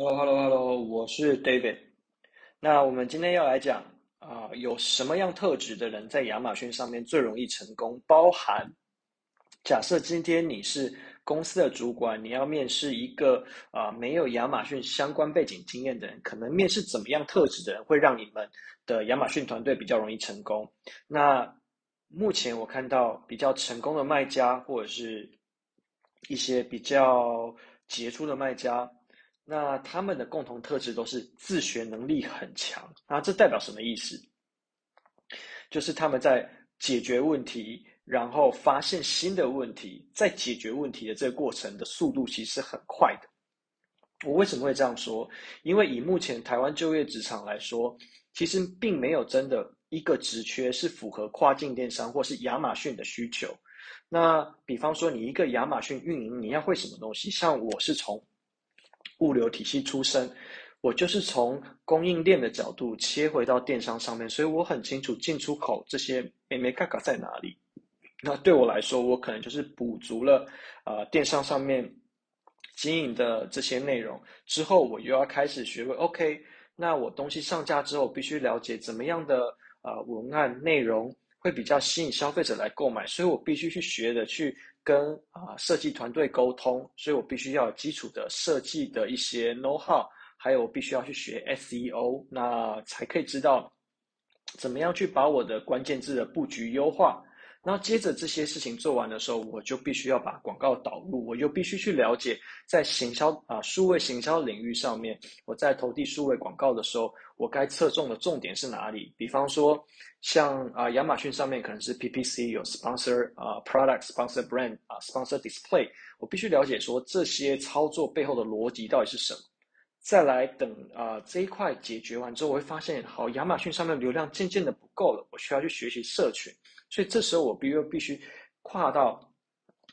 Hello，Hello，Hello，hello, hello，我是 David。那我們今天要來講啊、呃，有什麼樣特質的人在亞馬遜上面最容易成功？包含假設今天你是公司的主管，你要面試一個啊、呃、沒有亞馬遜相關背景經驗的人，可能面試怎麼樣特質的人會讓你們的亞馬遜團隊比較容易成功？那目前我看到比較成功的賣家或者是一些比較傑出的賣家。那他們的共同特質都是自學能力很強，那這代表什麼意思？就是他們在解決問題，然後發現新的問題，在解決問題的這個過程的速度其實很快的。我為什麼會這樣說？因為以目前台灣就業職場來說，其實並沒有真的一個職缺是符合跨境電商或是亞馬遜的需求。那比方說，你一個亞馬遜運營，你要會什麼東西？像我是從。物流體系出身，我就是從供應鏈的角度切回到電商上面，所以我很清楚進出口這些眉眉角角在哪裡。那對我來說，我可能就是補足了呃電商上面經營的這些內容之後，我又要開始學會 OK。那我東西上架之後，必須了解怎麼樣的啊、呃、文案內容會比較吸引消費者來購買，所以我必須去學著去。跟啊、呃、設計團隊溝通，所以我必須要有基礎的設計的一些 know how，還有我必須要去學 SEO，那才可以知道怎麼樣去把我的關鍵字的佈局優化。那接着這些事情做完的時候，我就必須要把廣告導入，我就必須去了解在行銷啊、呃，數位行銷領域上面，我在投遞數位廣告的時候，我該側重的重點是哪裡？比方說像啊、呃，亞馬遜上面可能是 PPC 有 sponsor 啊、呃，product sponsor brand 啊、呃，sponsor display，我必須了解說這些操作背後的邏輯到底是什麼。再來等啊、呃、這一塊解決完之後，我會發現好，亞馬遜上面流量漸漸的不夠了，我需要去學習社群。所以這時候我必又必須跨到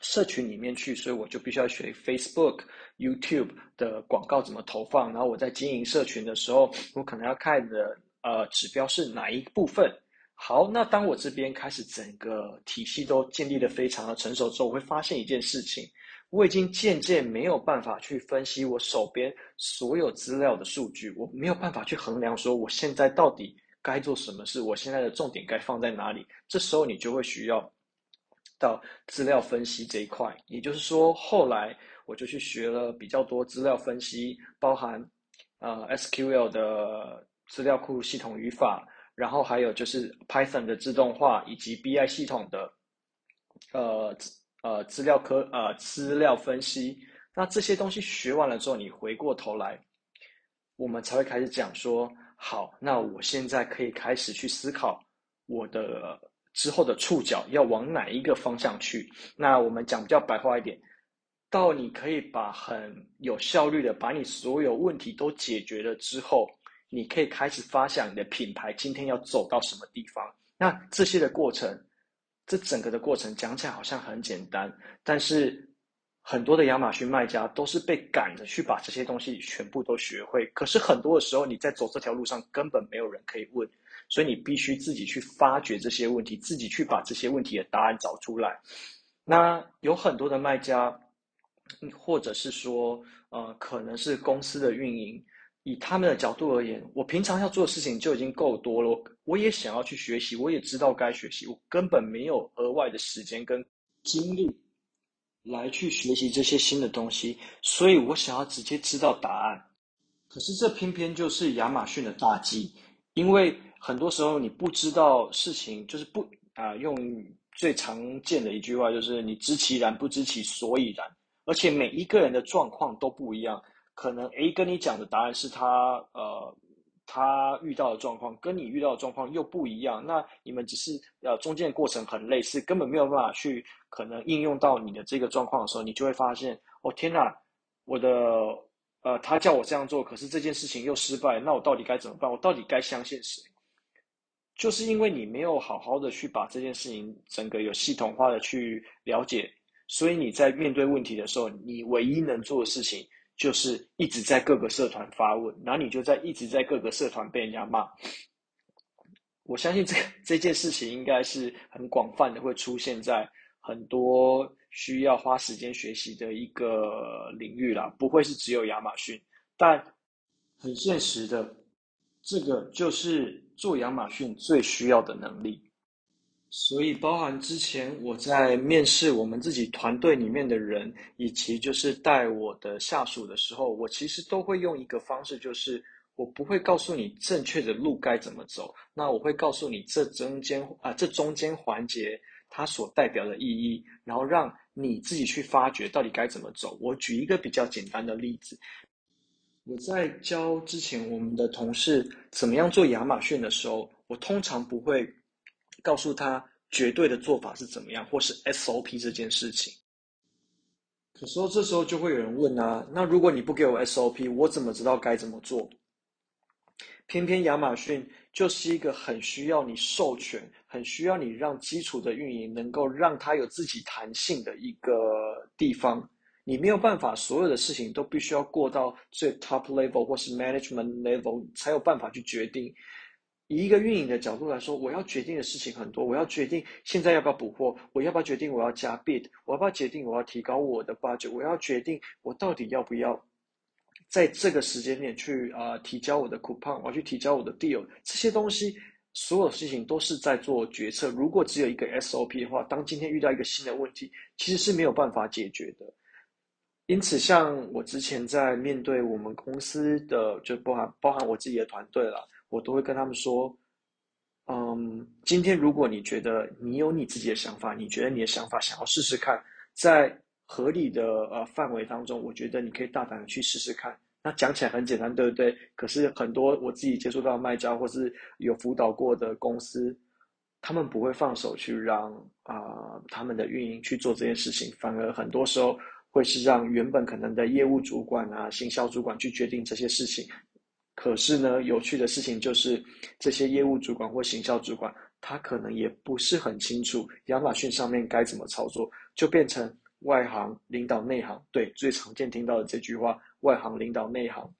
社群裡面去，所以我就必須要學 Facebook、YouTube 的廣告怎麼投放，然後我在經營社群的時候，我可能要看的呃指標是哪一部分。好，那當我這邊開始整個體系都建立得非常的成熟之後，我會發現一件事情，我已經漸漸沒有辦法去分析我手邊所有資料的數據，我沒有辦法去衡量說我現在到底。該做什麼事？我現在的重點該放在哪裡？這時候你就會需要到資料分析這一塊。也就是說，後來我就去學了比較多資料分析，包含呃 SQL 的資料庫系統語法，然後還有就是 Python 的自動化以及 BI 系統的呃呃資料科，呃，資料分析。那這些東西學完了之後，你回過頭來，我們才會開始講說。好，那我現在可以開始去思考我的之後的觸角要往哪一個方向去。那我們講比較白話一點，到你可以把很有效率的把你所有問題都解決了之後，你可以開始發想你的品牌今天要走到什麼地方。那這些的過程，這整個的過程講起來好像很簡單，但是。很多的亞馬遜賣家都是被趕着去把這些東西全部都學會，可是很多的時候你在走這條路上根本沒有人可以問，所以你必須自己去發掘這些問題，自己去把這些問題的答案找出來。那有很多的賣家，嗯，或者是說，呃，可能是公司的運營，以他們的角度而言，我平常要做的事情就已經夠多了，我也想要去學習，我也知道該學習，我根本沒有額外的時間跟精力來去學習這些新的東西，所以我想要直接知道答案。可是這偏偏就是亞馬遜的大忌，因為很多時候你不知道事情，就是不，呃，用最常見的一句話就是你知其然，不知其所以然，而且每一個人的狀況都不一樣，可能 A 跟你講的答案是他，呃。他遇到的狀況跟你遇到的狀況又不一樣，那你們只是呃、啊、中間的過程很類似，根本沒有辦法去可能應用到你的這個狀況的時候，你就會發現，哦天哪，我的呃他叫我這樣做，可是這件事情又失敗，那我到底該怎麼辦？我到底該相信誰？就是因為你沒有好好的去把這件事情整個有系統化的去了解，所以你在面對問題的時候，你唯一能做的事情。就是一直在各個社團發問，然後你就在一直在各個社團被人家罵。我相信這這件事情應該是很廣泛的，會出現在很多需要花時間學習的一個領域啦，不會是只有亞馬遜。但很現實的，這個就是做亞馬遜最需要的能力。所以，包含之前我在面試我們自己團隊裡面的人，以及就是帶我的下屬的時候，我其實都會用一個方式，就是我不會告訴你正確的路該怎麼走，那我會告訴你這中間啊、呃、這中間環節它所代表的意義，然後讓你自己去發掘到底該怎麼走。我舉一個比較簡單的例子，我在教之前我們的同事怎麼樣做亞馬遜的時候，我通常不會，告訴他絕對的做法是怎麼樣，或是 SOP 這件事情。可是這時候就會有人問啊，那如果你不給我 SOP，我怎麼知道該怎麼做？偏偏亞馬遜就是一個很需要你授權，很需要你讓基礎的運營能夠讓它有自己彈性的一個地方。你沒有辦法，所有的事情都必須要過到最 top level 或是 management level 才有辦法去決定。以一個運營的角度來說，我要決定的事情很多。我要決定現在要不要補貨，我要不要決定我要加 bid，我要不要決定我要提高我的 budget，我要決定我到底要不要在這個時間點去啊、呃、提交我的 coupon，我要去提交我的 deal。這些東西所有事情都是在做決策。如果只有一個 SOP 的話，當今天遇到一個新的問題，其實是沒有辦法解決的。因此，像我之前在面對我們公司的，就包含包含我自己的團隊啦。我都會跟他們說，嗯，今天如果你覺得你有你自己的想法，你覺得你的想法想要試試看，在合理的呃範圍當中，我覺得你可以大膽的去試試看。那講起來很簡單，對不對？可是很多我自己接觸到的賣家或是有輔導過的公司，他們不會放手去讓啊、呃、他們的運營去做這件事情，反而很多時候會是讓原本可能的業務主管啊、行銷主管去決定這些事情。可是呢，有趣的事情就是，這些業務主管或行銷主管，他可能也不是很清楚亞馬遜上面該怎麼操作，就變成外行領導內行，對，最常見聽到的這句話，外行領導內行，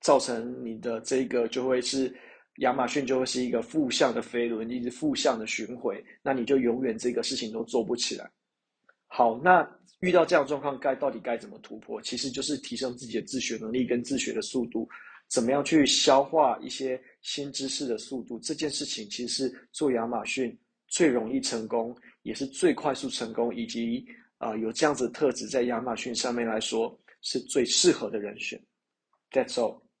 造成你的這個就會是亞馬遜就會是一個負向的飛輪，一直負向的循環，那你就永遠這個事情都做不起來。好，那。遇到這樣的狀況，該到底該怎麼突破？其實就是提升自己的自學能力跟自學的速度，怎麼樣去消化一些新知識的速度。這件事情其實是做亞馬遜最容易成功，也是最快速成功，以及啊，呃，有這樣子的特質在亞馬遜上面來說是最適合的人選。That's all.